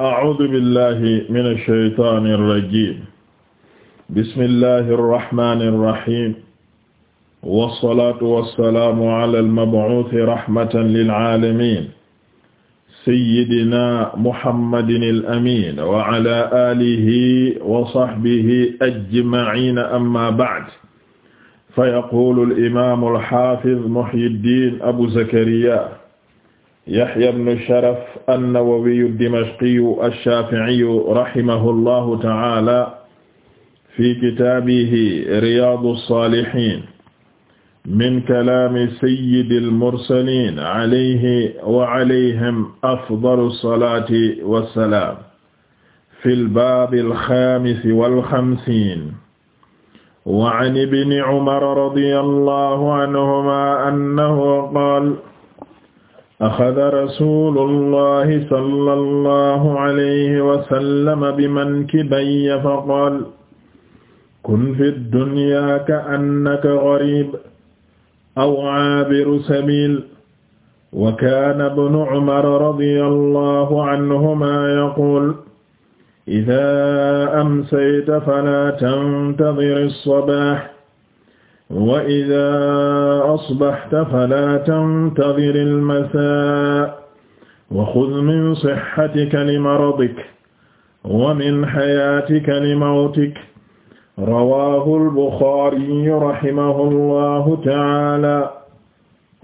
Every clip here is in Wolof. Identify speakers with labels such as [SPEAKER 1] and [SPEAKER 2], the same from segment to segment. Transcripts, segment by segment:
[SPEAKER 1] a'uudu billahi mina shaytaani rajiim bismillahi rahmaani rahiim wasalaatu wasalaamu ala al-mab'uuthi rahmatan lil aalamiin sayyidinaa muhammadin al-amiin wa ala aalihi wa sahbihi ajma'iin amma ba'd fa yaquulu al-imaam al-haafiz Muhyiddin Abu Zakariyaa Yahya ibn Sharaf an-Nawawiyu ad-Dimashqiyu ash-Shafi'iyu rahimahullahu ta'ala fi kitaabihi Riyaadu as-Saalihiin min kalaami sayyidil mursaliin alayhi wa alayhim afdalu salaati wa salaam fil baabil xaamisi wal xamsiin wa an ibni Umar radiyallahu anhumaa annahu qaala axada rasulullahi sallallahu alayhi wa sallam bimankibayya faqaala kun fi dunya ka'annaka gharib aw aabiru sabil wa kaana ibnu umar radiyallahu anhumaa yaquul idaa amsayta falaa tantadir as-sabaah wa idaa asbaxta falaa tantadiri almasaa wa xud min sixatika limaradik wa min xayaatika limawtik rawaahu albuxaari rahimahu allahu taala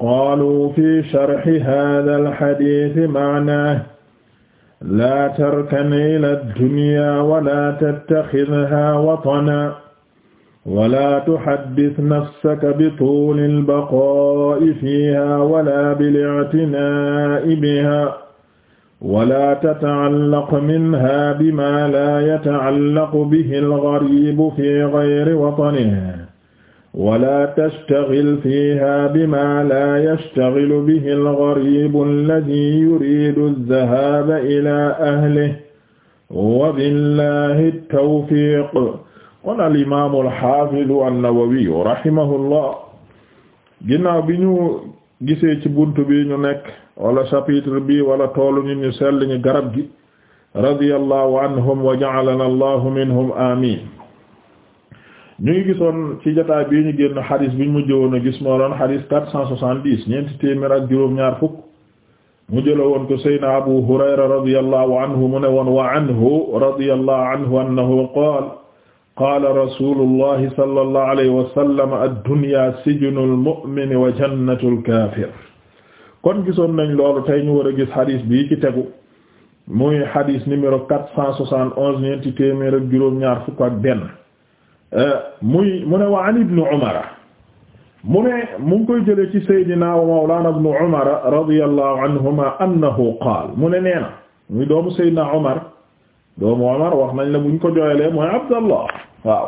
[SPEAKER 1] qaaluu fi sharxi haada alxadiisi maanaahu laa tarkan ila dunya wala tattaxidhaa watanaa wala tuhaddis nafsaka bi tuulil baqaa'i fiihaa wala bil i'tinaa'i bihaa wala tata'allaq minhaa bimaa laa yata'allaqu bihil ghariibu fii ghayri watanihi wala tashtagil fiihaa bimaa laa yashtaghilu bihil ghariibu alladhii yuriidu adh-dhahaaba ilaa ahlihi wa billaahi at-tawfiiq kon al imaamu al xaafidu an-Nawawi rahimahullah ginnaaw bi ñu gisee ci bunt bi ñu nekk wala chapitre bi wala toolu ñu ñu sell ñu garab gi radiyallahu anhum wa ja'alana allahu minhum amin ñu ngi gisoon ci jotaay bii ñu génn xadis bi ñu mujjëwoon a gis moo doon xadis quatre cent soixante-dix ñeenti téeméer ak juróom-ñaar fukk mu jëla woon ko Abu Hurayra radiyallahu anhu mu ne wa anhu radiyallahu anhu annahu qaala rasulullahi sallallahu alayhi wa sallam ad-dunya sijnul mu'min wa jannatul kaafir kon gisoon nañ loolu tey ñu war a gis xadis bii ci tegu muy xadis numéro quatre cent soixante onze ñeenti téeméer ak juróom-ñaar fukk ak benn muy mu ne wa an ibnu umara mu ne mu ngi koy jëlee ci saydina wa mawlana ibnu umara radiyallahu anhuma annahu qaal mu ne nee na muy doomu saydina umar doomu Omar wax nañ la buñ ko jooyalee mooy Abdallah waaw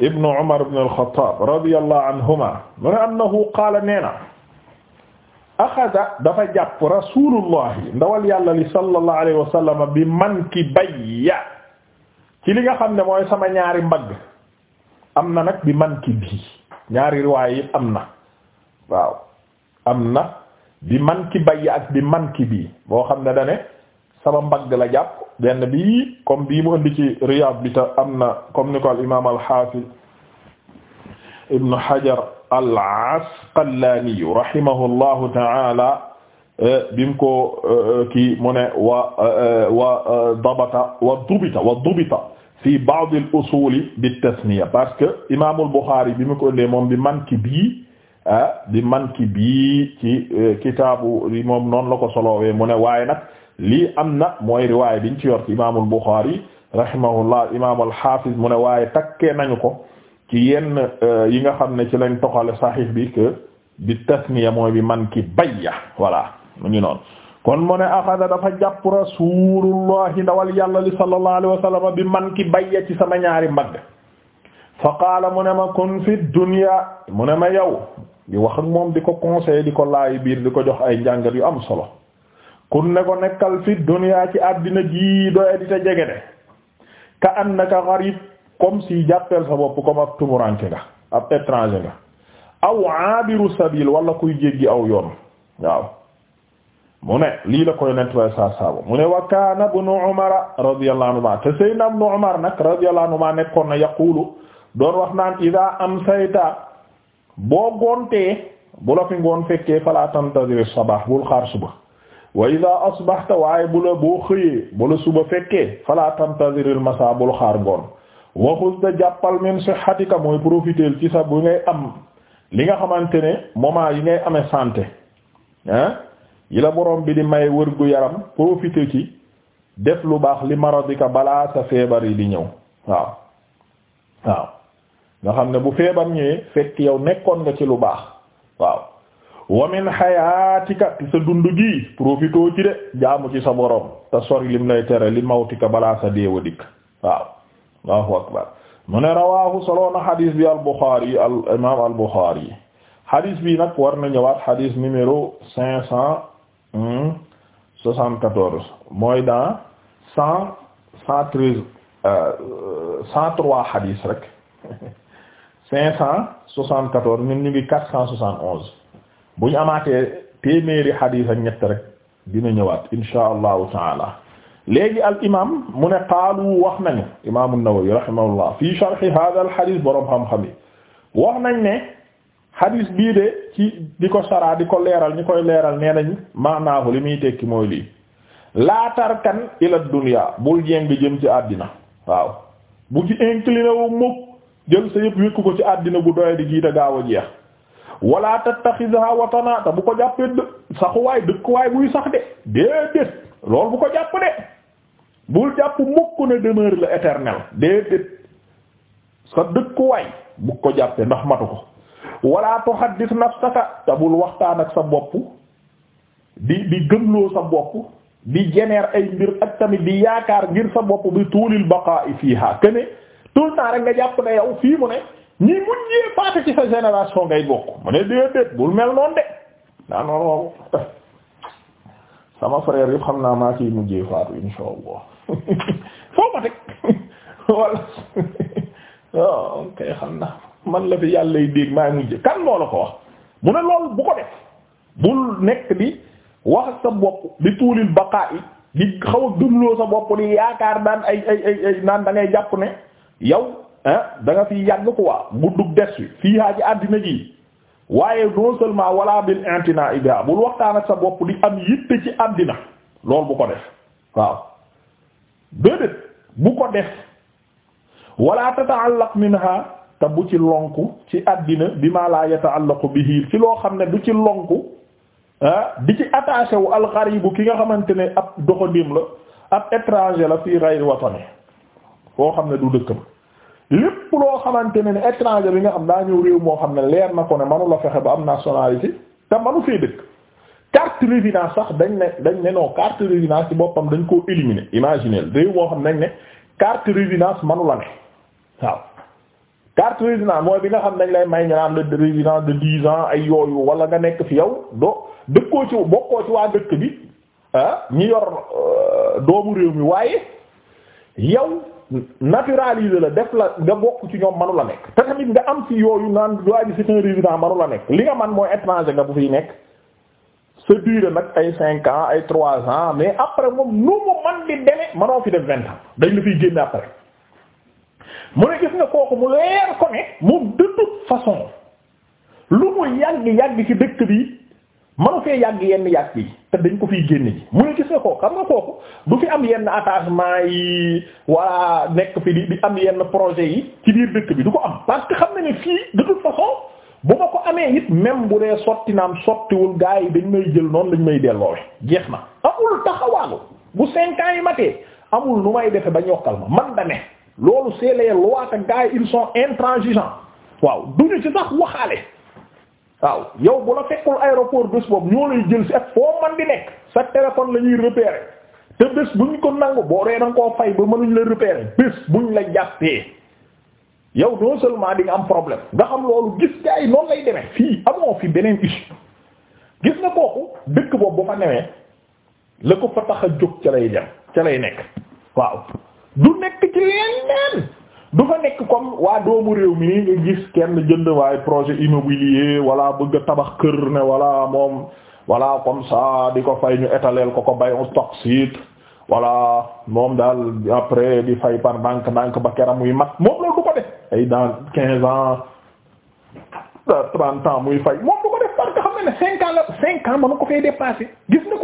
[SPEAKER 1] ibnu Umar ibn al-Khattab anhuma mu ne annahu qaala nee axada dafa jàpp rasulullahi ndawal yàlla li sallallahu alayhi wa sallam bi manki bayya ci li nga xam ne mooy sama ñaari mbagg am na nag bi manki bii ñaari riwaay yi am na waaw na bi manki bayya ak bi boo xam ne dane sama mbagg la jàpp benn bi comme bii mu indi ci Riyad bi ta am na comme ni ko al imaam al hafiz ibn Hajar al Asqalani rahimahullahu ta'ala eh, bim ko eh, kii mu ne wa eh, wa dabata wa dubita wa dubita fi ba'd al usul bi tasniya parce que imaam al Bukhari bi mu ko indee moom bi man ki bii ah bi man ki bii ci kitaabu moom noonu la ko solowee mu ne waaye nag lii am na mooy riwaay biñ ci yor ci imaamul Buxaari rahimahullah imaamul Haafiz mu ne waaye takkee nañu ko ci yenn euh, yi nga xam ne ci lañ toxale saxiix bi que bi tasniya mooy bi man ki bayya voilà mu ngi noon kon mu ne axada dafa jàpp rasuulullahi ndawal yàlla li sallallahu alayhi wa sallam bi man ki bayya ci sama ñaari mbagg fa qaala mu ne ma kun fi dunya mu ne ma yow di wax ak moom di ko conseiller di ko laay biir di ko jox ay njàngat yu am solo kun ne ko nekkal fi duniyaa ci àddina ji doye di te jege de ka annaka gharib comme si jàppeel sa bopp comme ab tumuranke nga ab étranger nga aw aabiru sabil wala kuy jéggi aw yoon waaw mu ne lii la koy nent way saa saabo mu ne wa kaana ibnu umara radiyallahu anhuma te sayyidna ibnu umar nag radiyallahu anhuma nekkoon na yaqulu doon wax naan ida amsayta boo goontee bu la fi ngoon fekkee fala tantadir sabah bul xaar suba wa ida asbahta waaye bu la boo xëyee bu la suba fekkee fala tantaziril masa bul xaar ngoon waxus da jàppal min xatika mooy profiter ci sax bu ngay am li nga xamante ne moment yi ngay ame santé ah yi la borom bi di may wërgu yaram profiter ci def lu baax li maradika balaa sa feebar yi di ñëw waaw waaw nga xam ne bu feebar ñëwee fekk yow nekkoon nga ci lu baax waaw wa min hayaatika sa dund gi profitoo ci de jaamu ci sa borom te sori lim lay tere li mawtika balaa sa deewa dikk waaw allahu akbar mu ne rawaahu soloona hadis bi al Bukhari imaam al Bukhari hadis bi nag war na ñëwaat hadis numéro cinq cent soixante-quatorze mooy cent cent treize euh, rek bu ñu amaatee téeméeri xadiis ak ñett rek dina ñëwaat insha allahu taala léegi al mu ne qaalu wax nañu imaamu Nawawi rahimahullah fii sharhi hada xadiis boroom xam-xam yi wax nañ ne xadiis bii de ci di ko saraa di ko leeral ñi koy leeral nee nañ maanaahu li muy tekki mooy lii laa tarkan ila dunya bul jéng jëm ci àddina waaw bu ci incliné wu mukk jël sa yëpp wékku ko ci àddina bu doy di giita gaaw a jeex wala tattaxidha watana te bu ko jàppee saxuwaay dëkkuwaay buy sax de déedéet loolu bu ko jàpp de bul jàpp mukk ne demeure la éternelle déedéet sa dëkkuwaay bu ko jàppee ndax matu ko wala tuhaddith nafsaka te bul waxtaan ak sa bopp di di gëmloo sa bopp di génère ay mbir ak tamit di yaakaar ngir sa bopp bi tuulil baqa'i fiha kene tout le temps rek nga jàpp ne yow fii mu ne ñi mujjee paase ci sa génération ngay bokk mu ne déedéet bul mel noonu de daa waaw sama frère yëpp xam naa maa ciy mujjee faatu insha allah ma teg walla waaw oh, kay xam naa man la fi yàlla lay dégg maa mujjee kan moo la ko wax mu ne loolu bu ko def bul nekk di wax sa bopp di tuulil baqaa yi di xaw a dunloo sa bopp di yaakaar daan ay ay ay naan da jàpp ne yow da nga fi yàgg quoi guddug des wi fii haa ci àddina ji waaye non seulement wala bil intina ibia bul waxtaan ak sa bopp di am yitte ci àddina loolu bu ko def waaw déedéet bu ko def wala tata'allaq minha te bu ci lonku ci àddina bi ma la yata'allaqu bihi ci loo xam ne du ci lonku di ci attaché wu alxaribu ki nga xamante ne ab doxandim la ab étranger la fii ghayri watani foo xam ne du dëkkam lépp loo xamante ne ne étranger bi nga xam daa ñëw réew moo xam ne leer na ko ne manu fexe ba am nationalité te manu fee dëkk carte résidence sax dañ ne dañ ne non carte résidence ci boppam dañ koo éliminer imaginer réew moo xam nañ ne carte résidence manu la ne waaw carte résidence mooy bi nga xam dañ lay may ñu naan la résidence de dix ans ay yooyu wala nga nekk fi yow doo dëkkoo ci bokkoo ci waa dëkk bi ah ñi yor euh, doomu réew mi waaye yow naturalisé la def la nga bokk ci ñoom manu la nekk te tamit nga am ci yooyu naan doy bi c'est un manu la nekk li nga man mooy étranger nga bu fiy nekk sa durée nag ay cinq ans ay trois ans mais après moom nu mu man di deme manoo fi def vingt ans dañ la fiy génne après mu ne gis nga kooku mu leer ko ne moom de toute façon lu mu yàgg yàgg ci dëkk bi manu fee yàgg yenn yàgg yi te dañ ko fi génne ji mu ne gis nga ko xam nga kooku du fi am yenn attachement yi walla nekk fi di di am yenn projet yi ci biir dëkk bi du ko am parce que xam na ne fii de toute façon bu ma ko amee it même bu dee sotti naam sottiwul gars yi dañ may jël noonu dañ may delloowe jeex na amul taxawaalu bu cinq ans yi matee amul nu may defe ba ñokkal ma man dame loolu c'est les lois te gars yi ils sont intransigeants waaw duñu ci sax waxaale waaw yow bu la fekkul aéroport bés boobu ñoo lay jël si ak foo man di nekk sa téléphone la ñuy repérer te bés ñu ko nangu boo dee da koo fay ba mënuñ la repérer bés ñu la jàppee yow non seulement di nga am problème nga xam loolu gis gaa yi noonu lay demee fii amoo fi beneen issue gis nga kooku dëkk boobu ba fa newee la ko fa tax a jóg ca lay dem ca lay nekk waaw du nekk ci leneen du fa nekk comme waa doomu réew mi nii nga gis kenn jënd waaye projet immobilier wala bëgg a tabax kër ne wala moom wala comme sa di ko fay ñu étaler ko ko bay on stock site wala moom daal après di fay par banque banque ba keram muy mat moom loolu du ko def ay dans quinze ans trente muy fay moom du ko def parce que xam ne cinq ans la cinq ko fay dépasser gis nga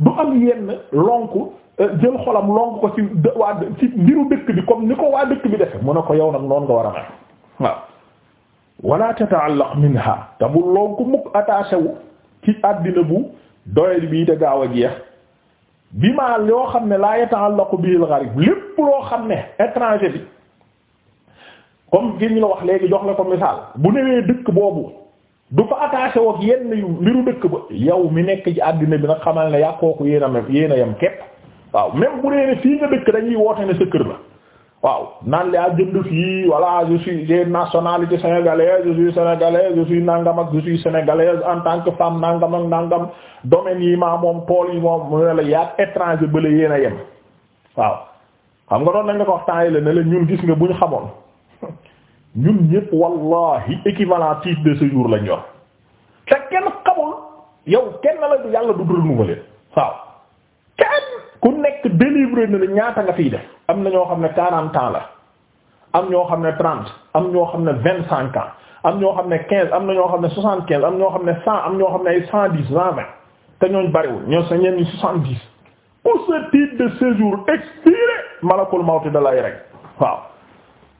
[SPEAKER 1] du am yenn lonku Euh, jël xolam lonk ko ci waa ci mbiru dëkk bi comme ni ko waa dëkk bi defe mu ne ko yow nag noonu nga war a mel waaw wala tataallaq minha te bu lonk mukk attaché wu ci àddina bu doyel bii te gaaw a jeex bi maa yoo xam ne laa yataallaqu bil gharib lépp loo xam ne étranger bi comme gi ñu la wax léegi jox la ko misaal bu newee dëkk boobu du fa attaché woo ak yenn yu mbiru dëkk ba yow mi nekk ci àddina bi nag xamal ne yaa kooku yéen a yem waaw même bu dee ne fii nga dëkk dañuy woote ne sa kër la waaw naan laa jënd fii voilà je suis j'ai nationalité sénégalaise je suis sénégalais je suis en tant que femme nangam ak yi maa moom tool yi moom mu ne la yaag étranger ba la yéen yem waaw xam nga doon nañ la ko wax temps yi la ne la ñun gis nga bu ñu xamoon ñun ñëpp wallahi équivalent de séjour lañ yor te kenn xamul yow kenn la yàlla du renouveler waaw ku nekk délivré na la ñaata nga fiy def am na ñoo xam ne quarante ans la am ñoo xam ne trente am ñoo xam ne vingt cinq ans am ñoo xam ne quinze am na ñoo xam ne soixante quinze am ñoo xam ne cent am ñoo xam ne ay cent dix cent vingt te ñooñ bariwul ñoo sa ñenn ñi soixante dix pour ce titre de séjour expiré malakul mawti da lay rek waaw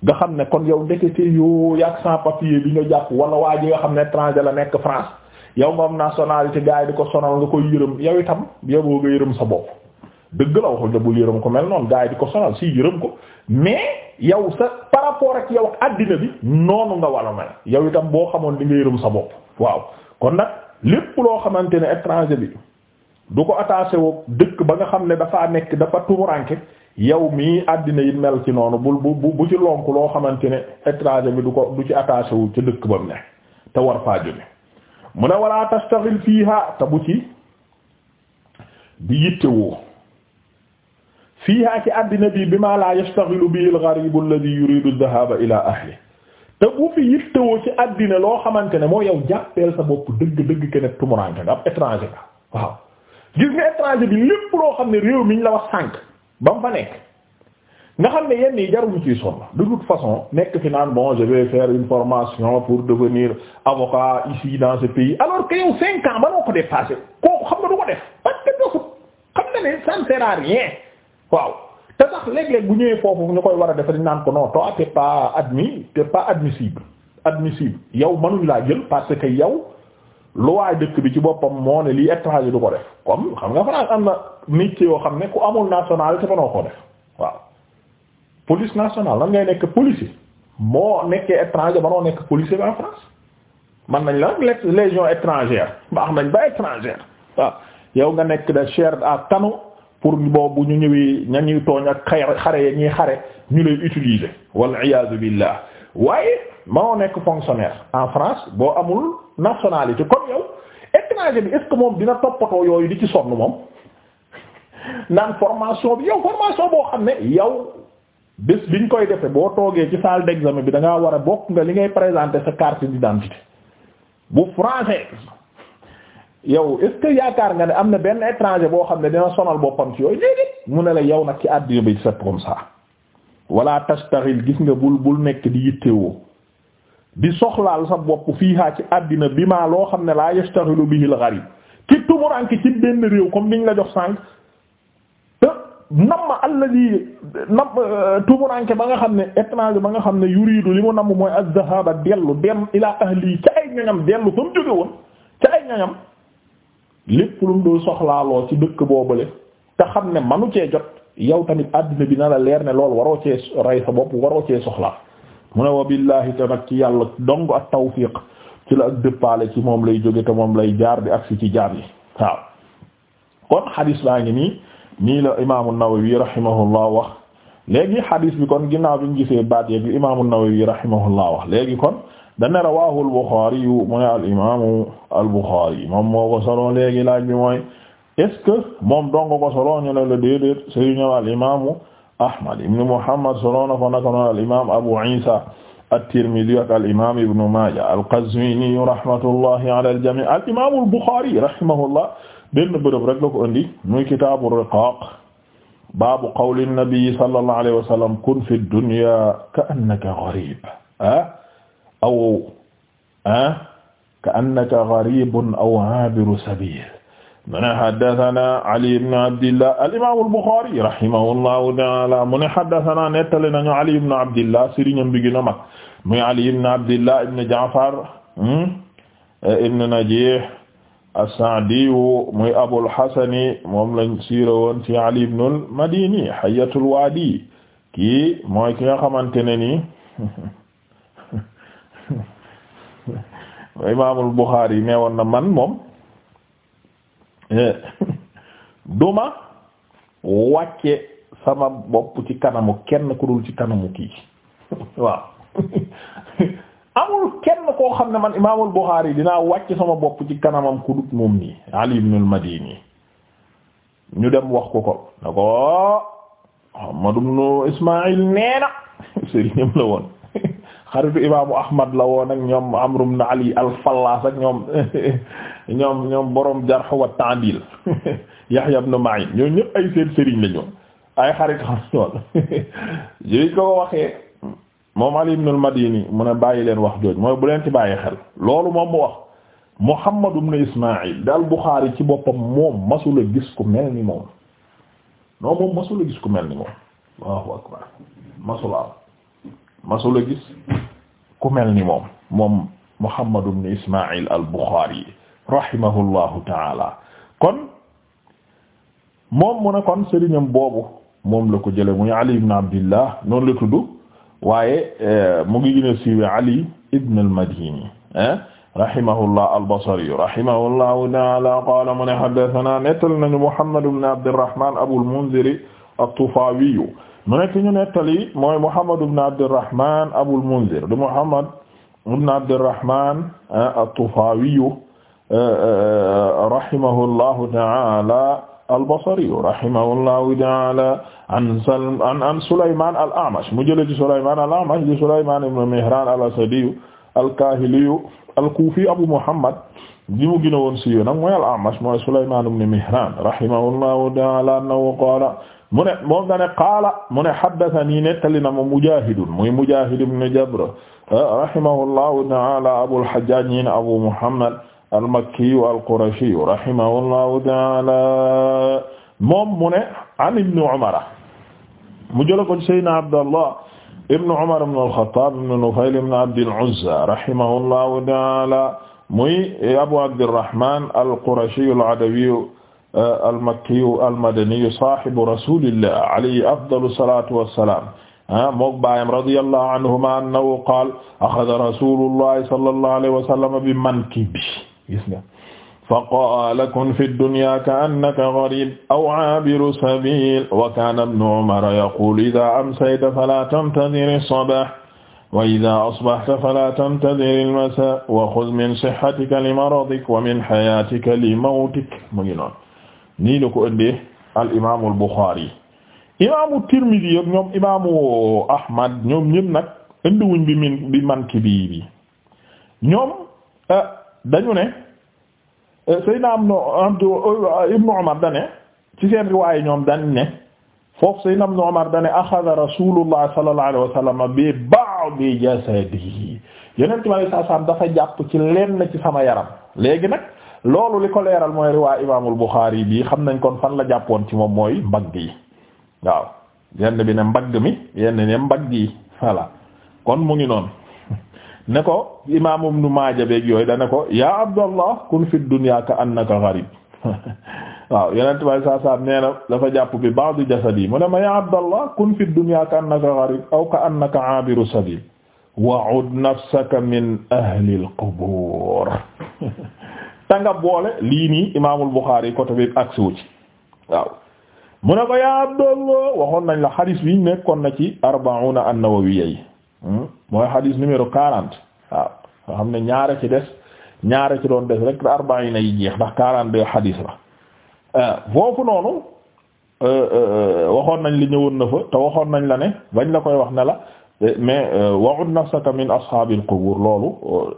[SPEAKER 1] nga xam ne kon yow ndekete yoo yàgg sans papier bi nga jàpp wala waa ji nga xam ne étranger la nekk France yow nga am nationalité gars yi di ko sonal nga koy yërëm yow itam yow nga yërëm sa bopp dëgg la waxuñ la bul yërëm ko mel noonu gars yi di ko sonal si yërëm ko mais yow sa par rapport ak yow ak àddina bi noonu nga war a mel yow itam boo xamoon di nga yërëm sa bopp waaw kon nag lépp loo xamante ne étranger bi du ko attaché woo dëkk ba nga xam ne dafaa nekk dafa tumuranke yow mii àddina yi mel ci noonu bul bu ci lonk loo xamante ne étranger bi du ko du ci attaché wu dëkk ba mu ne te war faa jóge mu ne wala tastaghil fiha te bu ci di yittewoo fiihaa ci àddina bi bi ma laa yastaxilu bihi al-garibu alladhi yuridu adh-dhahaba ila ahli te bu fi yittewoo ci àddina loo xamante ne moo yow jàppeel sa bopp dëgg dëgg keneen tumuraanke nga ab étranger nga waaw gis nga étranger bi lépp loo xam ne réew mi la wax sànq ba mu fa nekk nga xam ne yenn yi jaruñu ciy sonn de façon nekk fi naan bon je vais faire une pour devenir avocat ici dans ce pays alors que yow cinq ans ba noo ko dépassé kooku du ko def parce waaw te sax léeg-léeg bu ñëwee foofu ñu koy war a def dañ naan ko non toi t'es pas admis t'es pas admissible admissible yow mënuñ laa jël parce que yow loi dëkk bi ci boppam moo ne lii étranger du ko def comme xam nga France am na nit yoo xam ne ku amul nationalité mënoo ko def waaw police nationale lan ngay nekk policier moo nekkee étranger mënoo nekk policier ba en France man nañ la rek légion étrangère baax nañ ba étrangère waaw yow nga nekk de chair à canon pour boobu ñu ñëwee ña ñuy tooñ ak xare ya ñuy xare ñu lay utiliser wal iyaadu billah waaye ma manoo nekk fonctionnaire en France boo amul nationalité comme yow étranger bi est-ce moom dina toppatoo yooyu di ci sonn moom naan formation bi yow formation boo xam ne yow bés biñ koy defee boo toogee ci salle d'examen bi da ngaa war a bokk nga li ngay présenter sa carte d'identité bu français yow est-ce que yaakaar nga ne am na benn étranger boo xam ne dina sonal boppam ci yooy déedéet mu ne la yow nag ci àddina bi c'est comme ça wala tastaxil gis nga bul bul nekk di yittewoo di soxlaal sa bopp fii haa ci àddina bi maa loo xam ne laa yastaxilu bihi al-gharib ki tumurank ci benn réew comme niñ la jox sànq te nam ma alladi nam euh, tumuranke ba nga xam ne étranger ba nga xam ne yuridu li mu nam mooy az-zahaba dellu dem ila ahli ca ay ñañam dellu fa mu jóge woon ca ay ñañam lépp lu mu dul soxlaaloo ci dëkk boobale te xam ne manu cee jot yow tamit àddina bi na la leer ne lool waroo cee rey sa bopp waroo cee soxlaa mu ne wa billaahi te nag ci yàlla dong ak tawfiq ci la ak dëppaale ci moom lay jóge te moom lay jaar bi ak si ci jaar yi waaw kon xadis baa ngi nii nii la imaamu Nawawi rahimahullah wax léegi xadis bi kon ginnaaw bi ñu gisee baat yeeg yu imaamu Nawawi laa wax léegi kon dana rawahu al-Bukhari mu ne al imamu al-Bukhari moom moo ko solo léegi laaj bi mooy est-ce que moom donga ko solo ñu ne la déedéet sëriñ al imamu Ahmad ibn Muhammad solo na ko naka noon al imam Abu Isa at-Tirmidhi ak al imam Ibn Majah al-Qazwini rahmatullahi ala al-jami' al imam al-Bukhari rahimahullah benn bërëb rek la ko indi muy kitaabu riqaaq baabu qawli nabi sallallahu alayhi wa sallam kun fi dunya ka'annaka gharib ah aw ah ka annaka gharibun aw abiru sabil mu ne haddathana Ali ibn Abdillah al-imam al-Bukhari rahimahullahu ta'ala mu ne haddathana nettali nañu Ali ibn Abdillah sëriñam bi gën a mag muy Ali ibn Abdillah ibn Ja'far hmm, ibn Najih as-Sa'di muy Abul Hasan moom lañ siiroon ci Ali ibn al-Madini Hayyatul Wadi kii mooy ki nga xamante ne nii imaamul Buxaari nee woon na man moom eh, duma wàcce sama bopp ci kanamu kenn ku ci kanamu kii waaw amul kenn koo xam ne man imaamul Buxaari dinaa wàcce sama bopp ci kanamam ku dul moom nii Ali madini ñu dem wax ko ko na ko Muhammad ibn nee na sëriñam la woon xaritu imaamu ahmad la woon ak ñoom amr ibn ali al-fallaas ak ñoom ñoom ñoom borom jarh wa ta'dil yahya ibn ma'in ñoo ñëpp ay seen sëriñ la ñoom ay xarit xam ñoon jiñ ko waxee moom ali ibn madini mu ne bàyyi leen wax jooj mooy bu leen ci bàyyi xel loolu moom mu wax muhammad ibn ismail daal buxaari ci boppam moom masula gis ku mel ni moom moom masula gis ku mel ni moom allahu akbar masula masula gis ku mel ni moom moom Muhammad ibn Ismaïl al-Bukhari rahimahullahu taala kon moom mu ne kon sëriñam boobu moom la ko jële muy Ali ibn Abdillah noonu la tudd waaye eh, mu ngi gën a siiwe Ali ibn al-Madini eh, rahimahullah al-Basri rahimahullahu taala qaala mu ne haddathana nettal nañu Muhammad ibn Abdirrahman Abul Munzir at-Tufawi mu nekk ñu nettali mooy Muhammad ibn Abdurrahman Abul Munzir di Muhammad ibn Abdurrahman ah, at-Tufawi rahimahullahu ta'ala al-Basri rahimahullahu ta'ala an Salm an Sulayman al-A'mash mu jëlee ci Sulayman al-A'mash di Sulayman ibn Mihran al-Asadi al-Kahili al-Kufi Abu Muhammad li mu gën a woon siiw nag mooy al-A'mash mooy Sulayman ibn Mihran rahimahullahu ta'ala annahu qala mu ne moom da ne qaala mu ne haddathanii nettali na ma mujaahidun muy mujaahid ibn jabr rahimahullahu ta'ala abul hajjaaj ñi ne abu muhammad al-makki al-qurashi rahimahullahu ta'ala moom mu ne an ibn umar mu jël ko sayyidina abdallah ibn umar ibn al-khattab ibn nufayl ibn abd al-uzza rahimahullahu ta'ala muy abu abd al-rahman al-qurashi al-adawi almakkiyu almadaniyu sahibu rasulillah alayhi afdalu salatu wassalam mook baayam radiyallahu anhuma annahu qaala axada rasulullahi sallallahu alayhi wa sallam bi mankibi gis nga fa qaala kun fi dunya ka'annaka gharib aw 'abiru sabil wa kana ibnu umara yaqulu idha amsayta fala tantazir as-sabah wa idha asbahta fala tantazir al-masa wa khudh min sihhatika li maradik wa min hayatika li mawtik mu ngi noonu nii la ko ëndee al imaamu al Buxaari imaamu Tirmidi ak ñoom imaamu Ahmad ñoom ñëpp nag indiwuñ bi min bi man ki bii ñoom euh, dañu ne euh, Seydina am euh, ibnu Umar dane ci seen riwaaye ñoom dañ ne foofu Seydina ibnu Umar dane axada Rasulullah sallallahu alayhi wa sallam bi ba'di jasadihi yeneen ci ma ne saa saam dafa jàpp ci lenn ci sama yaram léegi nag loolu li ko leeral mooy riwaa imaamul Buxaari bii xam nañ kon fan la jàppoon ci moom mooy mbagg yi waaw yenn bi ne mbagg mi yenn ne mbagg yi voilà kon mu ngi noonu ne ko imaamu Ibnu Maaja beeg yooyu da ne ko ya Abdallah kun fi dunya ka annaka gharib waaw yeneen tubaab saa saa nee dafa jàpp bi ba'du jasadi mu ne ma yaa Abdallah kun fi dunya ka annaka gharib aw ka annaka abiru sabil wa'ud nafsaka min ahli al-qubur te boole lii nii imaamul Buxaari côté bi aksiwu ci waaw mu ne ko yaa Abdallah waxoon nañ la xadis bi nekkoon na ci arbauna an-Nawawiyya yi hmm? mooy xadis numéro quarante waaw nga xam ne ñaare ci des ñaare ci doon des rek da yi jeex ndax quarante deux xadis la euh, foofu noonu euh, euh, waxoon nañ li ñëwoon na fa te waxoon nañ la ne bañ la koy wax ne la mais euh, wa'ud nafsaka min ashaabil qubur loolu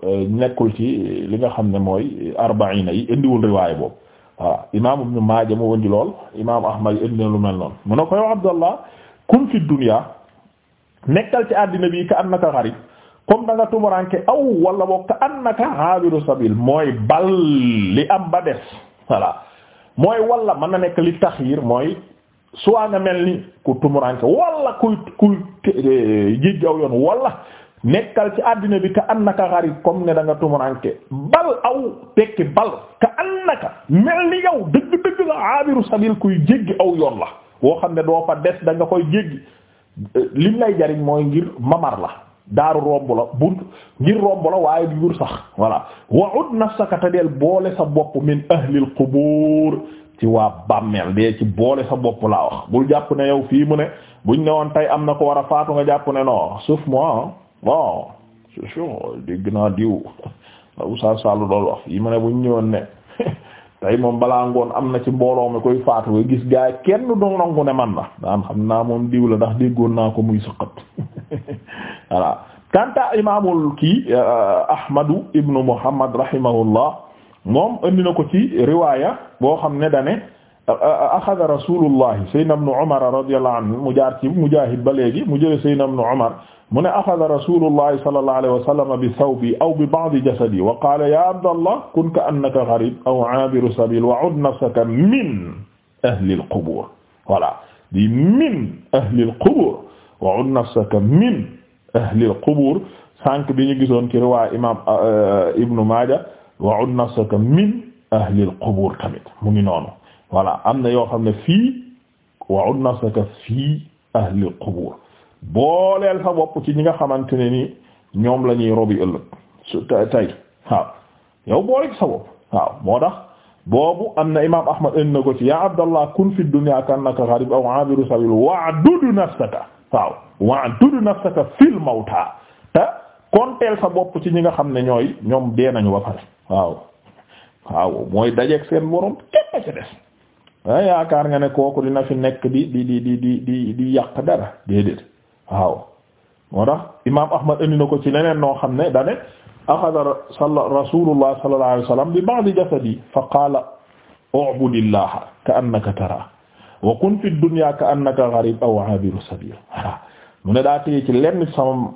[SPEAKER 1] euh, nekkul ci li nga xam ne mooy arbaina yi indiwul riwaay boobu voilà imaam ibnu Maaja mu wëndi lool imaam Ahmad indi na lu mel noonu mu ne ko yow Abdallah kun fi dunya nekkal ci àddina bi ka annaka gharib comme da nga tumuranke aw wala boog ka annaka haabiru sabil mooy bal li am ba des voilà mooy wala mën na nekk li taxir mooy soit nga mel ni ku tumuranke wala kuy kuy e, jéggaw yoon wala nekkal ci àddina bi ka annaka gharib kom ne da nga tumuranke bal aw tekki bal ka annaka mel ni yow dëgg-dëgg la aabiru sabil kuy jéggi aw yoon la woo xam ne doo fa des da nga koy jéggi e, lim lay jariñ mooy ngir mamar la daaru romb la bunt ngir romb la waaye du jur sax voilà wa'ud nafsaka tadeel boole sa bopp min ahlil qubur ci waa bàmmeel dee ci boole sa bopp laa wax bul jàpp ne yow fii mu ne buñ ne woon tey am na ko war a faatu nga jàpp ne non sauf moi bon c'est sûr dégg naa diw la Oustaz Sall doon wax fii mu ne buñ ñëwoon ne tey moom balaa ngoon am na ci mbooloo mi koy faatu nga gis gaa kenn du nangu ne man la daan xam naa moom diw ndax déggoon naa ko muy sëqat voilà kanta imaamul kii eh, eh, Ahmadu ibnu Muhammad rahimahullah moom andi na ko ci riwaaya boo xam ne dane axada rasulullahi sayyidina ibn umar radiyallahu anhu mu jaar ci mujaahid ba léegi mu jële sayyidina ibn umar mu ne axada rasulullahi sallallahu alayhi wa sallam bi thawbi aw bi ba'di jasadi wa qaala ya abdallah kun ka annaka gharib aw aabiru sabil wa ud nafsaka min ahli al-qubur voilà di min ahli al-qubur wa ud nafsaka min ahli al-qubur sànq bi ñu gisoon ci riwaaya imam euh, ibnu maaja wa'ud nafsaka min ahli al-qubur am na yoo xam ne fii wa'ud nafsaka fii ahli ci ñi nga xamante ne ni ñoom la ñuy waaw yow booleel sa bopp moo tax boobu am na imaam Ahmad indi na ko ci yaa Abdallah kun fi dunya kannaka gharib aw abiru sabil wa'dud nafsaka waaw wa'dud nafsaka fil mawta te konteel sa bopp ci ñi nga xam ne ñooy ñoom dee nañu ba pare. waaw waaw mooy dajeeg seen borom képp a des ah yaakaar nga ne kooku dina fi nekk di di di di di di di yàq dara déedéet waaw. moo imaam Ahmad indi na ko ci leneen noo xam ne dane axada rasulullah sallallahu alayhi wasallam bi ba'di jasadi fa qaala u'budillaha ka'annaka tara wa kun fi dunya ka'annaka gharib aw 'abiru sabil mu ne daa téye ci lenn sama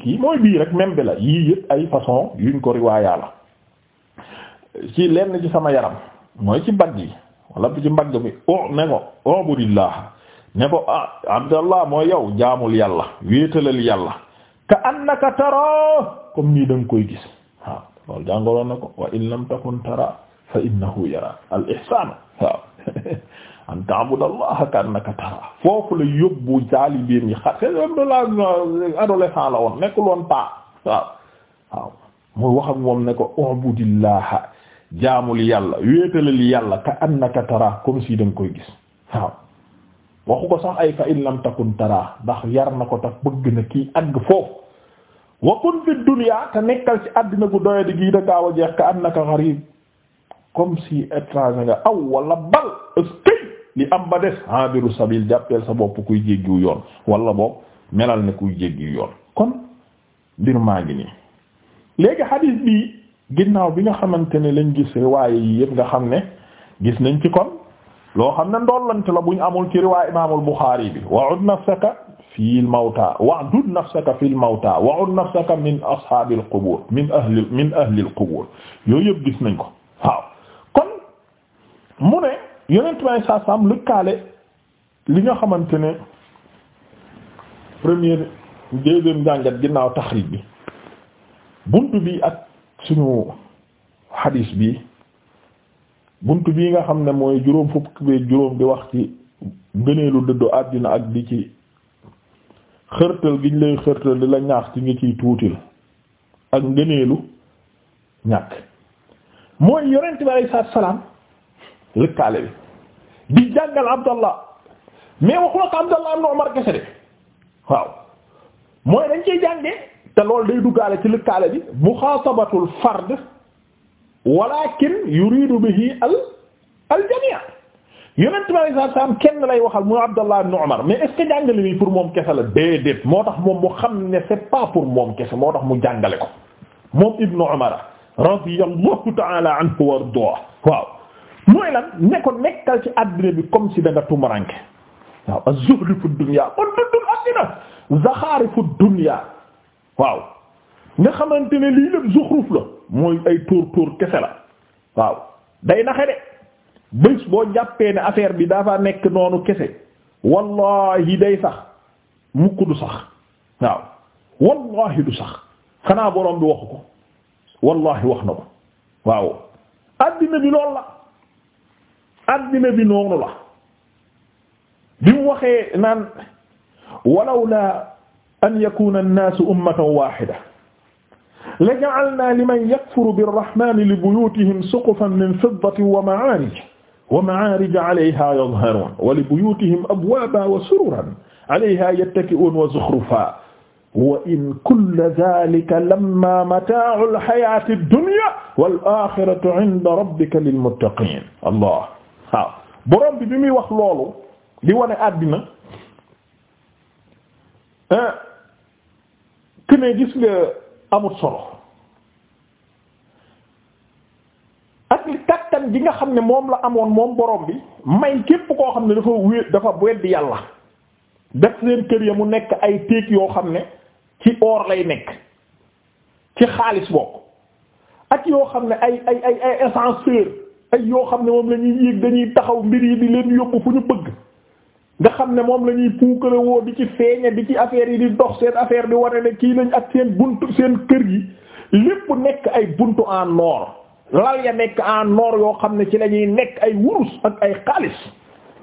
[SPEAKER 1] kii mooy bii rek même la yii yëpp ay façon yuñ ko riwaaya la ci lenn ci sama yaram mooy ci mbagg yi wala ci mbagg mi o ne ko ubudillah a ko ah mooy yow jaamul yàlla wéetalal yàlla ka annaka tara comme nii da koy gis waaw loolu jàngaloon na nekkul woon paa waaw waaw wax ak moom ne ko jaamul yàlla wéetalal yàlla ka annaka tara comme si da koy gis waaw waxu ko sax ay fa in lam takun tara ndax yar na ko tax bëgg na kii àgg foofu wa kun fi dunya te nekkal ci àddina gu doye di gii da gaaw a jeex ka annaka gharib comme si étranger nga aw wala bal ëskay li am ba des habiru sabil jàppeel sa bopp kuy jéggiw yoon wala bopp melal ne kuy jéggiw yoon kon mbir maa ngi nii léegi hadith bi ginnaaw bi nga xamante ne lañ gis riwaay yi yëpp nga xam ne gis nañ ci kon loo xam ne ndollante la buñ amul ci riwaay imaamul Buxaari bi wa'ud nafsaka fil mawta wa'dud nafsaka min ashaabil qubuur min ahli min ahlil qubuur yooyu yëpp gis nañ ko waaw kon mu ne yeneen may saa saam lëkkaale li nga xamante ne première deuxième jàngat ginnaaw taxriij bi buntu bi ak suñu hadis bi bunt bii nga xam ne mooy juróom fukk bi juróom di wax ci ngëneelu dëddu àddina ak di ci xërtal gi ñu lay xërtal di la ñaax ci ngi ciy tuutil ak ngëneelu ñàkk mooy yonent bi alayhi salaam lëkkaale bi di jàngal abdallah mais waxu la ko abdallah ibn umar de waaw mooy dañ ciy jànge te loolu day duggaale ci lëkkaale bi muxaasabatul fard walakin yuridu bihi al al jamii yonent bi alayhi salaam kenn lay waxal mu Abdallah ibn Umar mais est-ce que jàngale bi pour moom kese la déedéet moo tax moom mu xam ne c'est pas pour moom kese moo tax mu jàngale ko moom Ibn Umar radiyallahu ta'ala anhu wa ardaah waaw mooy lan ne ko nekkal ci àddina bi comme si da nga tumuranke waaw az-zuhd fi dunya kon dundul àddina zaxaari fi dunya waaw nga xamante ne lii lépp zuxruf la mooy ay tóor tóor kese la waaw day naxe de bés boo jàppee ne affaire bi fa nekk noonu kese wallahi day sax mukk du sax waaw wallahi du sax xanaa borom bi waxu ko wallahi wax na ko waaw addina bi loolu la addina bi noonu la bi mu waxee naan walaw la an yakuna an-naasu ummatan waahida la ja'alnaa liman yakfuru bir-rahmaani li buyuutihim suqufan min fiddatin wa ma'aarij wa ma'aarij 'alayhaa yadhharuun wa li buyuutihim abwaaban wa sururan 'alayhaa yattaki'uun wa zukhrufan wa in kulla dhaalika lammaa mataa'ul hayaati ad-dunyaa wal aaxiratu 'inda rabbika lil-muttaqiin Allah waaw borom bi bi muy wax loolu di wane àddina ah, que gis nga amut solo ak li kattan nga xam ne moom la amoon moom borom bi may képp koo xam ne dafa wé dafa weddi yàlla def leen kër ya mu nekk ay téeg yoo xam ne ci or lay nekk ci xaalis bokk ak yoo xam ne ay ay ay ay ascenseur ay yoo xam ne moom la ñuy yéeg dañuy taxaw mbir yi di leen yóbbu fu ñu bëgg nga xam ne moom la ñuy puukale woo di ci feeñe di ci affaire yi di dox seen affaire di wane kii lañ ak seen buntu seen kër yi lépp nekk ay buntu en or lal ya nekk en or yoo xam ne ci lañuy nekk ay wurus ak ay xaalis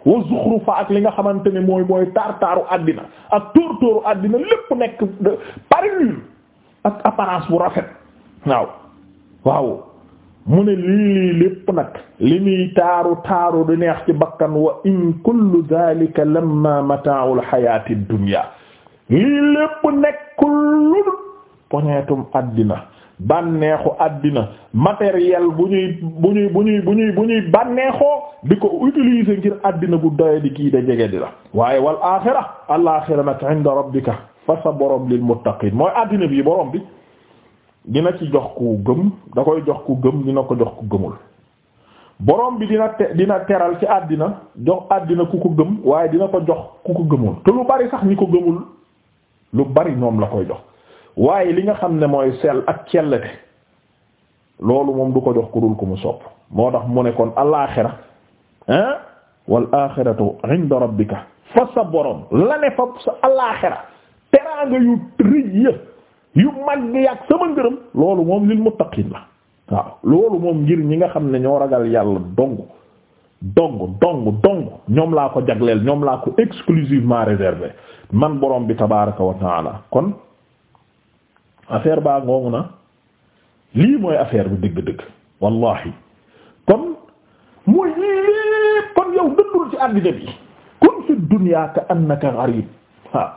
[SPEAKER 1] wa zuxrufa ak li nga xamante ne mooy mooy taar-taaru àddina ak tóor-tóoru àddina lépp nekk parure ak apparence bu rafet waaw waaw mu ne lii lii lépp nag li muy taaru taaru di neex ci bakkan wa in kullu dhalika lamma mataa'ul xayaati dunya lii lépp nekkul lu poñeetum àddina bànneexu àddina matériel bu ñuy bu ñuy bu ñuy bu ñuy bu ñuy bànneexoo di ko utiliser ngir àddina bu doye di kii da jege di la waaye wal aaxira al aaxira nag inda rabbika fa sa borom lil muttaqiin mooy àddina bi borom bi dina ci jox ku gëm da koy jox ku gëm dina ko jox ku gëmul borom bi dina te dina teral ci àddina jox àddina ku ko gëm waaye dina ko jox ku ko gëmul te lu bari sax ñi ko gëmul lu bari ñoom la koy jox waaye li nga xam ne mooy sell ak cellete loolu moom du ko jox ku dul ku mu sopp moo tax mu nekkoon kon alaaxira hein wal aaxiratu inda rabbika sa borom la ne fa sa alaaxira teraanga yu rëy yu mag yaak sama ngërëm loolu moom lil muttaqin la waaw loolu moom ngir ñi nga xam ne ñoo ragal yàlla dong dong dong dong ñoom laa ko jagleel ñoom laa ko exclusivement réservé man borom bi tabaraka wa taala kon affaire baa ngoogu na lii mooy affaire bi dëgg-dëgg wallahi kon mooy lii kon yow dëndul ci àddina bi kun fi dunya ka annaka waaw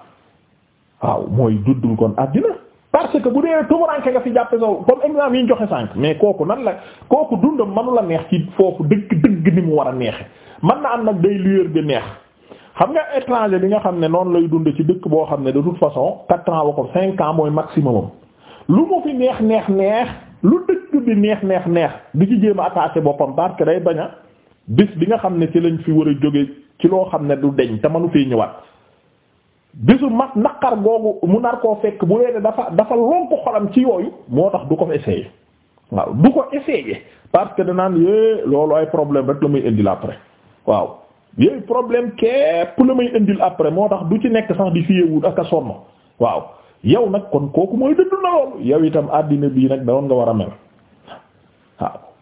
[SPEAKER 1] waaw mooy duddul kon àddina parce que bu dee tumuranke nga fi jàppe nga comme exemple yi ñu joxe sànq mais kooku nan la kooku dundam manu la neex ci foofu dëgg dëgg ni mu war a neexe man na am nag day lueur di neex xam nga étranger bi nga xam ne noonu lay dund ci dëkk boo xam ne de toute façon quatre ans wa ko cinq ans mooy maximum lu mu fi neex neex neex lu dëkk bi neex neex neex bi ci jéem a attaché boppam parce que day bañ a bis bi nga xam ne ci lañ fi war a jóge ci loo xam ne du deñ te manu fee ñëwaat bisu mag naqar googu mu nar koo fekk bu leen dafa dafa lonk xolam ci yooyu moo tax du ko essayer waaw du ko essayer parce que danaan yee loolu ay problème rek la muy indil après waaw yooyu problème képp la muy indil après moo tax du ci nekk sax di fiyewul ak a waaw yow nag kon kooku mooy dëdd na loolu yow itam àddina bii nag da nga war a mel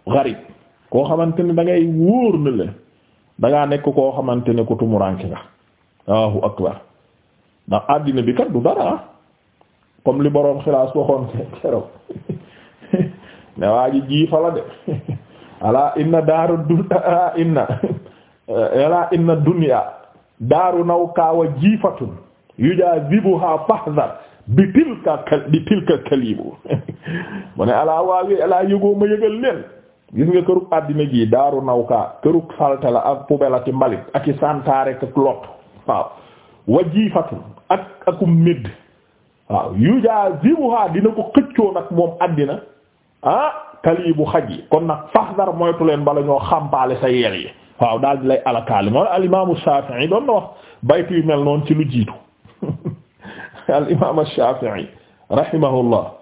[SPEAKER 1] xarit koo xamante ne da ngay wóor na leen da ngaa nekk koo xamante ne ku tumuraanke nga waaw akbar ndax àddina bi kat dara ah. comme li boroom xilaas waxoon keroog ne waa ji jiifa la de ala inna daaru dun ala inna ala inna dunya daaru naw kaawa jiifatun yujazibuha fahdhar bi tilka bi tilka kalibu mu ne alaa waawi alaa yëgoo ma yëgal leen gis nga kërug àddina gi daaru nawkaa kërug salte la ak poubelle ak mbalit ak i santaare ak lot waaw wa jiifatun ak akum médd waaw yu jaa ziwuhaa dina ko xëccoo nag moom àddina ah kali bu xaj yi kon nag faxdar moytu leen bala ñoo xampaale sa yeel yi waaw daal di lay alakaali moom al imaamu Shaafi'i doon na wax baytu yu mel noonu ci lu jiitu al imaamu Shaafi'i rahimahullah